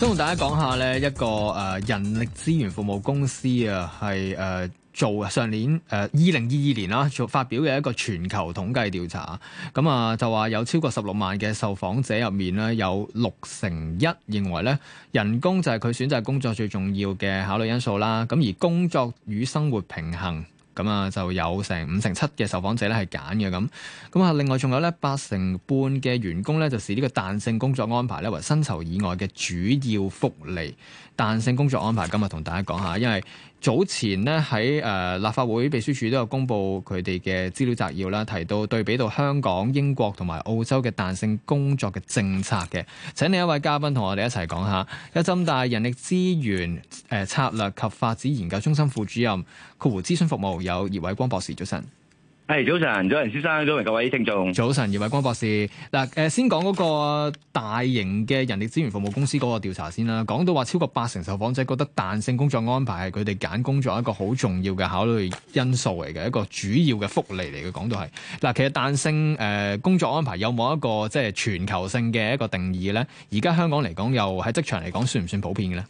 都同大家講下咧一個誒人力資源服務公司啊，係誒做上年誒二零二二年啦，做發表嘅一個全球統計調查，咁啊就話有超過十六萬嘅受訪者入面咧，有六成一認為咧人工就係佢選擇工作最重要嘅考慮因素啦，咁而工作與生活平衡。咁啊，就有成五成七嘅受訪者咧係揀嘅咁。咁啊，另外仲有咧八成半嘅員工咧，就視呢個彈性工作安排咧，為薪酬以外嘅主要福利。彈性工作安排今日同大家講下，因為。早前咧喺立法會秘書處都有公布佢哋嘅資料摘要啦，提到對比到香港、英國同埋澳洲嘅彈性工作嘅政策嘅。請另一位嘉賓同我哋一齊講下，浸大人力資源策略及發展研究中心副主任括弧諮詢服務有葉偉光博士，早晨。係、hey, 早晨，早晨，先生，早晨各位聽眾。早晨，葉偉光博士嗱，誒，先講嗰個大型嘅人力資源服務公司嗰個調查先啦。講到話超過八成受訪者覺得彈性工作安排係佢哋揀工作一個好重要嘅考慮因素嚟嘅，一個主要嘅福利嚟嘅。講到係嗱，其實彈性誒工作安排有冇一個即係全球性嘅一個定義咧？而家香港嚟講，又喺職場嚟講，算唔算普遍嘅咧？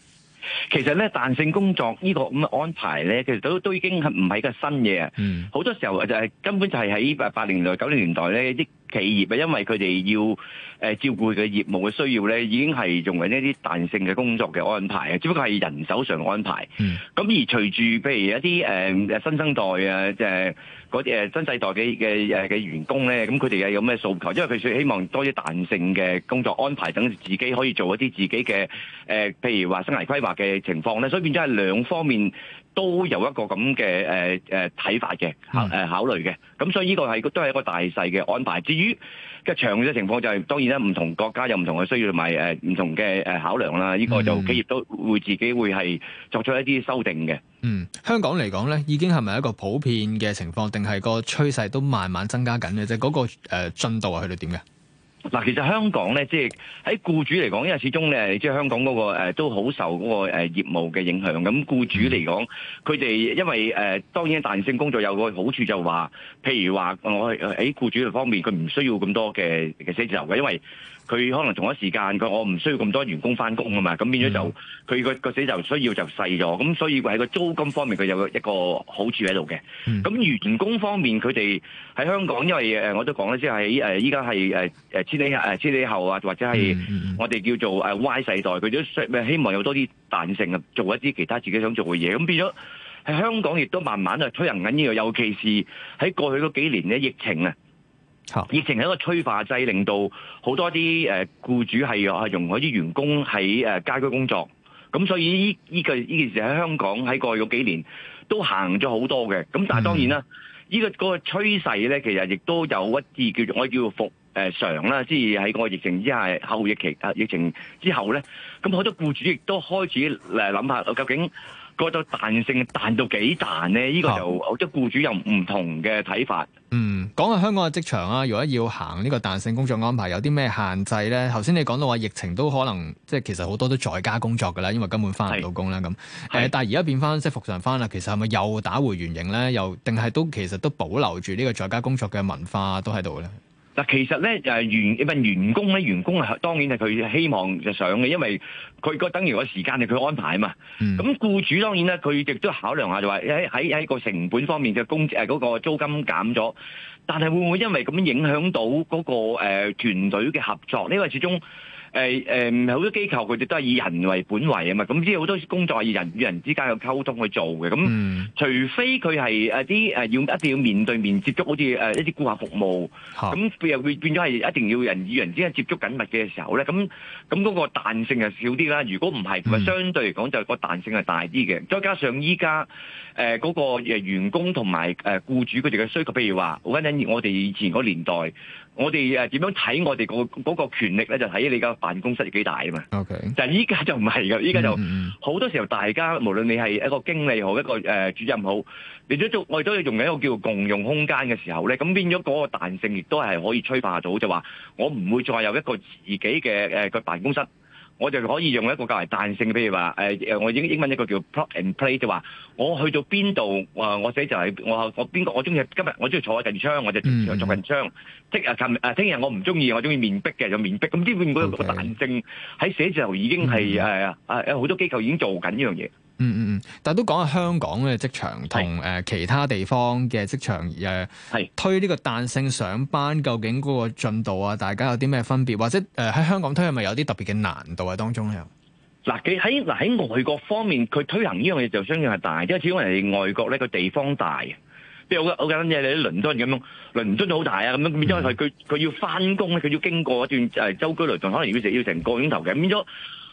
其實咧彈性工作呢個咁嘅安排咧，其實都都已經係唔係一個新嘢啊！好、嗯、多時候就係、呃、根本就係喺八零年代、九零年代咧，啲企業啊，因為佢哋要誒、呃、照顧嘅業務嘅需要咧，已經係用緊一啲彈性嘅工作嘅安排啊！只不過係人手上安排。咁、嗯、而隨住譬如一啲誒、呃、新生代啊，即、呃、係。嗰啲誒新世代嘅嘅誒嘅員工咧，咁佢哋有咩訴求？因為佢哋希望多啲彈性嘅工作安排，等自己可以做一啲自己嘅誒、呃，譬如話生涯規劃嘅情況咧，所以變咗係兩方面都有一個咁嘅誒誒睇法嘅誒、啊、考慮嘅。咁所以呢個係都係一個大細嘅安排。至於嘅長嘅情況就係、是、當然啦，唔同國家有唔同嘅需要、呃、同埋誒唔同嘅考量啦。呢、這個就企業都會自己會係作出一啲修訂嘅。嗯，香港嚟講咧，已經係咪一個普遍嘅情況，定係個趨勢都慢慢增加緊嘅啫？嗰個、呃、進度係去到點嘅？嗱，其實香港咧，即係喺僱主嚟講，因為始終咧，即係香港嗰、嗰個、呃、都好受嗰個誒業務嘅影響。咁僱主嚟講，佢哋、mm. 因為誒、呃、當然彈性工作有個好處就話，譬如話我喺僱主嘅方面，佢唔需要咁多嘅嘅寫字樓嘅，因為佢可能同一時間佢我唔需要咁多員工翻工啊嘛，咁變咗就佢個個寫字樓需要就細咗。咁所以喺個租金方面，佢有一個好處喺度嘅。咁、mm. 員工方面，佢哋喺香港，因為誒我都講咧，即係喺誒依家係誒誒。千禧，千禧後啊，或者係我哋叫做誒 Y 世代，佢、嗯嗯、都希望有多啲彈性，做一啲其他自己想做嘅嘢。咁變咗喺香港，亦都慢慢啊推行緊呢個，尤其是喺過去嗰幾年咧疫情啊，疫情係、哦、一個催化劑，令到好多啲誒僱主係啊用嗰啲員工喺誒家居工作。咁所以依依個依件事喺香港喺過去嗰幾年都行咗好多嘅。咁但係當然啦，依、嗯、個嗰個趨勢咧，其實亦都有一啲叫做我叫做復。誒常啦，即係喺個疫情之下後疫情啊，疫情之後咧，咁好多僱主亦都開始諗下，究竟個度彈性彈到幾彈咧？呢、呢個就我覺得、哦、僱主有唔同嘅睇法。嗯，講下香港嘅職場啊，如果要行呢個彈性工作安排，有啲咩限制咧？頭先你講到話疫情都可能即係其實好多都在家工作㗎啦，因為根本翻唔到工啦。咁是但係而家變翻是即係復常翻啦，其實係咪又打回原形咧？又定係都其實都保留住呢個在家工作嘅文化都喺度咧？嗱，其實咧，誒員你問員工咧，員工係當然係佢希望就上嘅，因為佢個等於個時間係佢安排啊嘛。咁僱、嗯、主當然咧，佢亦都考量下就話喺喺喺個成本方面嘅工誒嗰個租金減咗，但係會唔會因為咁影響到嗰、那個誒、呃、團隊嘅合作？因為始終。誒誒，好多機構佢哋都係以人為本位啊嘛，咁即係好多工作係以人與人之間嘅溝通去做嘅。咁、嗯、除非佢係誒啲要一定要面對面接觸，好似一啲顧客服務，咁佢又會變咗係一定要人與人之間接觸緊密嘅時候咧。咁咁嗰個彈性就少啲啦。如果唔係，咁、嗯、相對嚟講就個彈性係大啲嘅。再加上依家誒嗰個員工同埋誒僱主佢哋嘅需求，譬如話嗰陣我哋以前嗰年代。我哋誒點樣睇我哋個嗰個權力咧？就睇你間辦公室幾大啊嘛。OK，但係依家就唔係噶，依家就好、mm hmm. 多時候，大家無論你係一個經理好，一個誒、呃、主任好，你都做，我哋都用緊一個叫做共用空間嘅時候咧，咁變咗嗰個彈性亦都係可以催化到，就話我唔會再有一個自己嘅誒個辦公室。我就可以用一個較為彈性嘅，譬如話，誒、呃、誒，我英英文一個叫 plug and play 就話，我去到邊度，話我寫就係我，我邊個，我中意今日我中意坐喺近窗，我就坐近窗。即係琴日啊，聽日我唔中意，我中意面壁嘅就面壁。咁基本嗰個彈性喺 Okay. 寫字樓已經係誒啊啊！有好、mm. 多機構已經做緊呢樣嘢。嗯嗯嗯，但係都講下香港嘅職場同誒其他地方嘅職場誒，是推呢個彈性上班，究竟嗰個進度啊，大家有啲咩分別？或者誒喺香港推係咪有啲特別嘅難度啊？當中咧，嗱佢喺嗱喺外國方面，佢推行呢樣嘢就相應係大，因為始終人哋外國咧個地方大，譬如我好簡單嘢你喺倫敦咁樣，倫敦好大啊，咁樣變咗佢佢佢，要翻工咧，佢要經過一段誒周居來來，可能要成要成個鐘頭嘅，變咗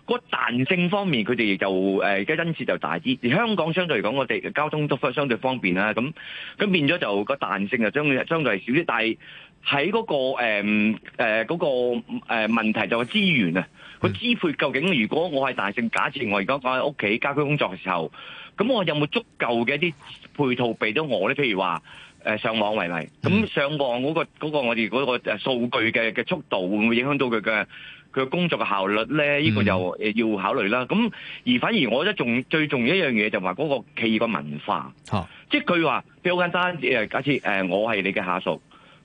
個彈性方面，佢哋就誒而家恩賜就大啲，而香港相對嚟講，我哋交通都相對方便啦。咁咁變咗就個彈性就相相對係少啲。但係喺嗰個誒嗰、呃呃嗰個誒問題就係資源啊，個支配究竟如果我係彈性，假設我而家講喺屋企家居工作嘅時候，咁我有冇足夠嘅一啲配套俾到我咧？譬如話。誒上網為例，咁上網嗰、那個嗰我哋嗰個誒、那個、數據嘅嘅速度會唔會影響到佢嘅佢嘅工作嘅效率咧？呢、這個又要考慮啦。咁而反而我覺得仲最重要一樣嘢就係話嗰個企業個文化，即係佢話比較簡單，假設誒、呃、我係你嘅下屬，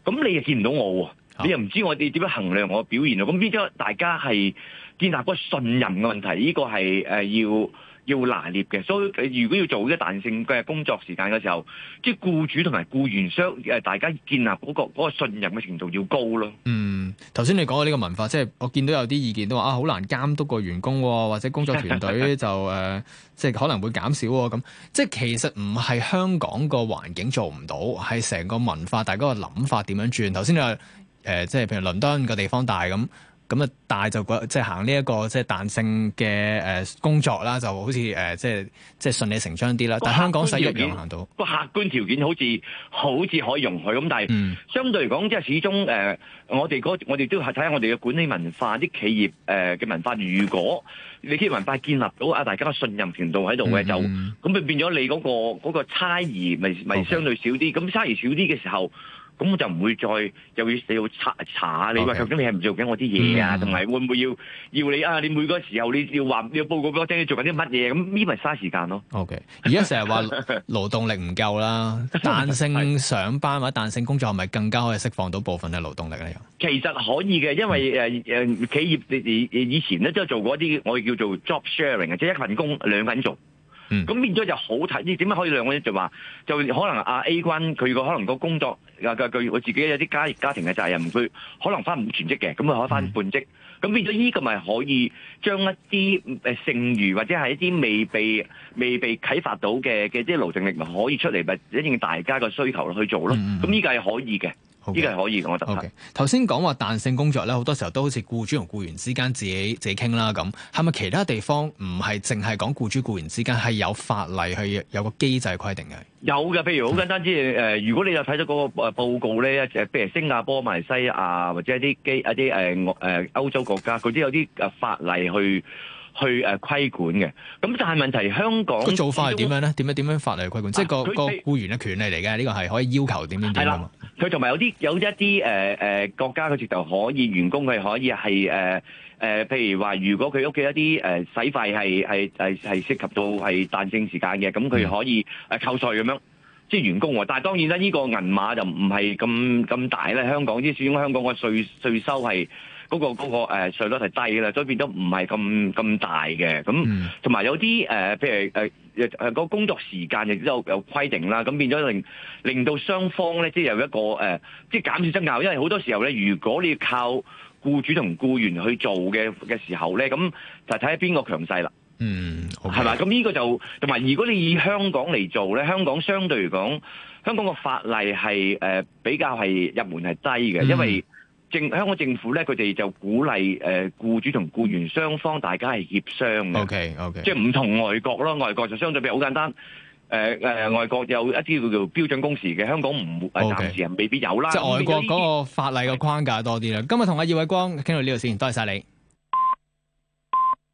咁你又見唔到我，哦、你又唔知我哋點樣衡量我嘅表現咯。咁變咗大家係建立個個信任嘅問題？呢、這個係、呃、要。要拿捏嘅，所以如果要做一彈性嘅工作時間嘅時候，即係雇主同埋雇員商誒大家建立嗰個嗰個信任嘅程度要高咯。嗯，頭先你講到呢個文化，即係我見到有啲意見都話啊，好難監督個員工、哦、或者工作團隊就誒即係可能會減少咁、哦。即係其實唔係香港個環境做唔到，係成個文化大家個諗法點樣轉。頭先你話誒，即係譬如倫敦個地方大咁。咁啊大就即係行呢一個即係彈性嘅誒工作啦，就好似誒、呃、即係即係順理成章啲啦。但香港使一樣行到。個客觀條件，觀條件好似好似可以容許咁，但係相對嚟講，嗯、即係始終誒、呃，我哋、嗰個、我哋都係睇下我哋嘅管理文化，啲企業誒嘅、呃、文化，如果你企業文化建立到啊，大家嘅信任程度喺度嘅就，咁咪變咗你嗰、嗰個嗰個差異，咪咪相對少啲。咁 Okay. 差異少啲嘅時候。咁我就唔會再又要你要查查下你話 Okay. 究竟你係唔做緊我啲嘢啊？同埋、mm hmm. 會唔會要要你啊？你每個時候你要話要報告俾我聽，你做緊啲乜嘢？咁呢咪嘥時間咯。OK，而家成日話勞動力唔夠啦， 彈性上班或者彈性工作係咪更加可以釋放到部分嘅勞動力咧？其實可以嘅，因為，mm hmm. 因為呃、企業以前咧都做過一啲我哋叫做 job sharing 啊，即係一份工兩份做。咁、嗯、變咗就好睇，點解可以兩個人就話就可能阿 A 君，佢個可能個工作佢佢佢自己有啲家家庭嘅責任，佢可能翻唔全職嘅，咁佢可以翻半職。咁、嗯、變咗呢個咪可以將一啲誒剩餘或者係一啲未被未被啟發到嘅嘅啲勞動力咪可以出嚟，咪應大家個需求去做咯。咁呢、嗯、個係可以嘅。呢個係可以我覺得。頭先講話彈性工作咧，好多時候都好似僱主同僱員之間自己自己傾啦咁。係咪其他地方唔係淨係講僱主僱員之間係有法例去有個機制規定嘅？有嘅，譬如好簡單之誒、 呃，如果你有睇咗嗰個誒報告咧，一隻譬如新加坡、馬來西亞或者一啲機一啲誒誒歐洲國家佢都有啲誒法例去去誒規管嘅。咁但係問題是香港做法係點樣咧？點都樣點樣法例規管？啊、即係個是個僱員嘅權利嚟嘅，呢、這個係可以要求點點點㗎佢同埋有啲有一啲誒誒國家佢直頭可以員工佢可以係誒誒，譬如話如果佢屋企一啲誒、呃、使費係係係係涉及到係彈性時間嘅，咁佢可以誒扣稅咁樣，即係員工喎。但係當然啦，呢個銀碼就唔係咁咁大咧。香港啲始終香港個稅稅收係嗰個嗰個誒稅率係低啦，所以變得唔係咁咁大嘅。咁同埋有啲誒、呃、譬如誒。呃誒誒，個工作時間亦都有有規定啦，咁變咗令令到雙方咧，即係有一個誒，呃，即係減少爭拗，因為好多時候咧，如果你靠僱主同僱員去做嘅嘅時候咧，咁就睇下邊個強勢啦。嗯，okay，係咪？咁呢個就同埋，如果你以香港嚟做咧，香港相對嚟講，香港個法例係誒，呃，比較係入門係低嘅，因為，嗯。政香港政府呢，佢哋就鼓勵誒、呃、僱主同僱員雙方大家係協商嘅。O K O K，即係唔同外國咯，外國就相對比較好簡單。誒、呃呃、外國有一啲叫做標準工時嘅，香港唔誒暫時啊未必有啦。即係外國嗰個法例嘅框架多啲啦。的今日同阿葉偉光傾到呢度先，多謝晒你。